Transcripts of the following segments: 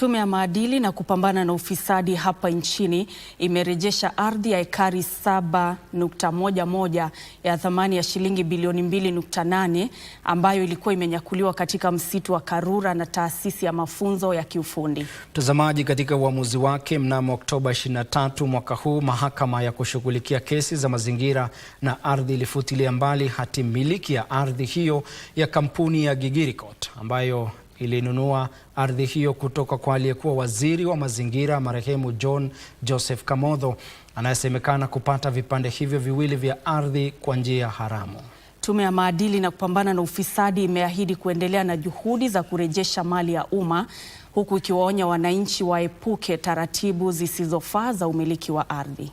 Tume ya maadili na kupambana na ufisadi hapa nchini imerejesha ardhi ya ekari 7.11 ya thamani ya shilingi bilioni 2.8 ambayo ilikuwa imenyakuliwa katika msitu wa Karura na taasisi ya mafunzo ya kiufundi. Mtazamaji, katika uamuzi wake mnamo Oktoba 23 mwaka huu, mahakama ya kushughulikia kesi za mazingira na ardhi ilifutilia mbali hati miliki ya ardhi hiyo ya kampuni ya Gigiricot ambayo ilinunua ardhi hiyo kutoka kwa aliyekuwa waziri wa mazingira marehemu John Joseph Kamotho anayesemekana kupata vipande hivyo viwili vya ardhi kwa njia haramu. Tume ya maadili na kupambana na ufisadi imeahidi kuendelea na juhudi za kurejesha mali ya umma huku ikiwaonya wananchi waepuke taratibu zisizofaa za umiliki wa ardhi.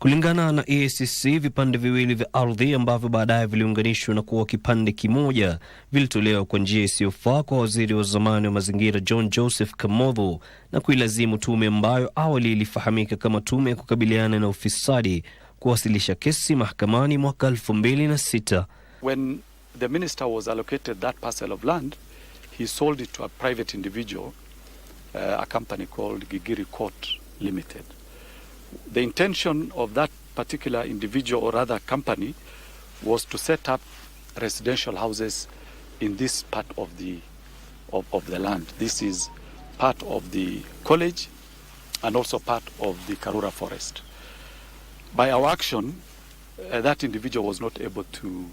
Kulingana na EACC, vipande viwili vya ardhi ambavyo baadaye viliunganishwa na kuwa kipande kimoja vilitolewa kwa njia isiyofaa kwa waziri wa zamani wa mazingira John Joseph Kamodho na kuilazimu tume ambayo awali ilifahamika kama tume ya kukabiliana na ufisadi kuwasilisha kesi mahakamani mwaka elfu mbili na sita. When the minister was allocated that parcel of land, he sold it to a private individual, uh, a company called Gigiri Court Limited. the intention of that particular individual or other company was to set up residential houses in this part of the of, of the land. This is part of the college and also part of the Karura forest. By our action, uh, that individual was not able to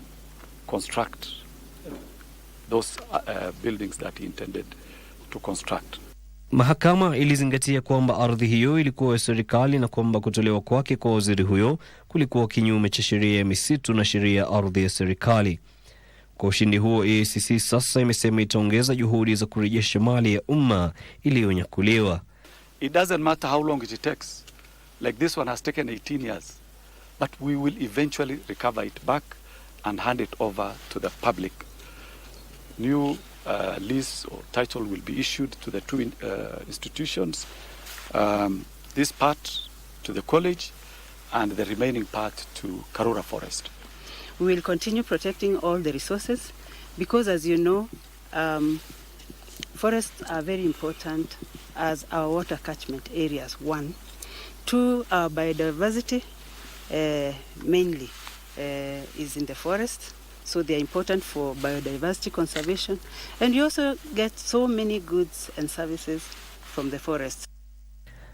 construct those uh, uh buildings that he intended to construct. Mahakama ilizingatia kwamba ardhi hiyo ilikuwa ya serikali na kwamba kutolewa kwake kwa waziri huyo kulikuwa kinyume cha sheria ya misitu na sheria ya ardhi ya serikali. Kwa ushindi huo, AICC sasa imesema itaongeza juhudi za kurejesha mali ya umma iliyonyakuliwa. It uh, lease or title will be issued to the two in, uh, institutions. Um, this part to the college and the remaining part to Karura Forest. We will continue protecting all the resources because, as you know, um, forests are very important as our water catchment areas, one. Two, our uh, biodiversity uh, mainly uh, is in the forest. so they are important for biodiversity conservation and you also get so many goods and services from the forest.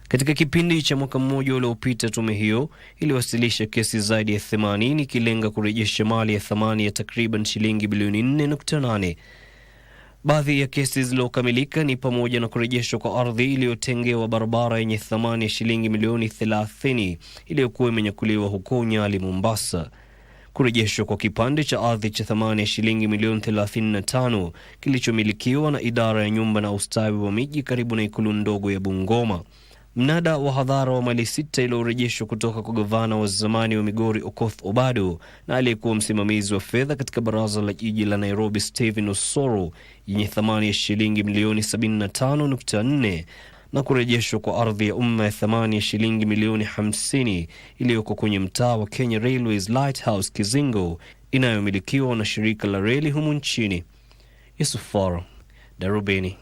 Katika kipindi cha mwaka mmoja uliopita, tume hiyo iliwasilisha kesi zaidi ya 80 ikilenga kurejesha mali ya thamani ya takriban shilingi bilioni 4.8. Baadhi ya kesi zilizokamilika ni pamoja na kurejeshwa kwa ardhi iliyotengewa barabara yenye thamani ya shilingi milioni 30 iliyokuwa imenyakuliwa huko Nyali, Mombasa kurejeshwa kwa kipande cha ardhi cha thamani ya shilingi milioni 35 kilichomilikiwa na idara ya nyumba na ustawi wa miji karibu na ikulu ndogo ya Bungoma. Mnada wa hadhara wa mali sita iliyorejeshwa kutoka kwa gavana wa zamani wa Migori Okoth Obado na aliyekuwa msimamizi wa fedha katika baraza la jiji la Nairobi Stephen Osoro yenye thamani ya shilingi milioni 75.4 na kurejeshwa kwa ardhi ya umma ya thamani ya shilingi milioni 50 iliyoko kwenye mtaa wa Kenya Railways Lighthouse Kizingo inayomilikiwa na shirika la reli humu nchini. Yusuf Faro, Darubini.